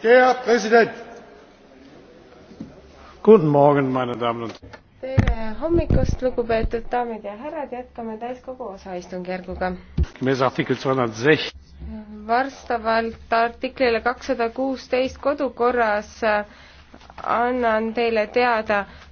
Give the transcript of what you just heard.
herr präsident! guten morgen meine damen und herren! tere hommikust lugupeetud daamid ja härrad jätkame täiskogu osaistungjärguga. vastavalt artiklile kodukorras äh, annan teile teada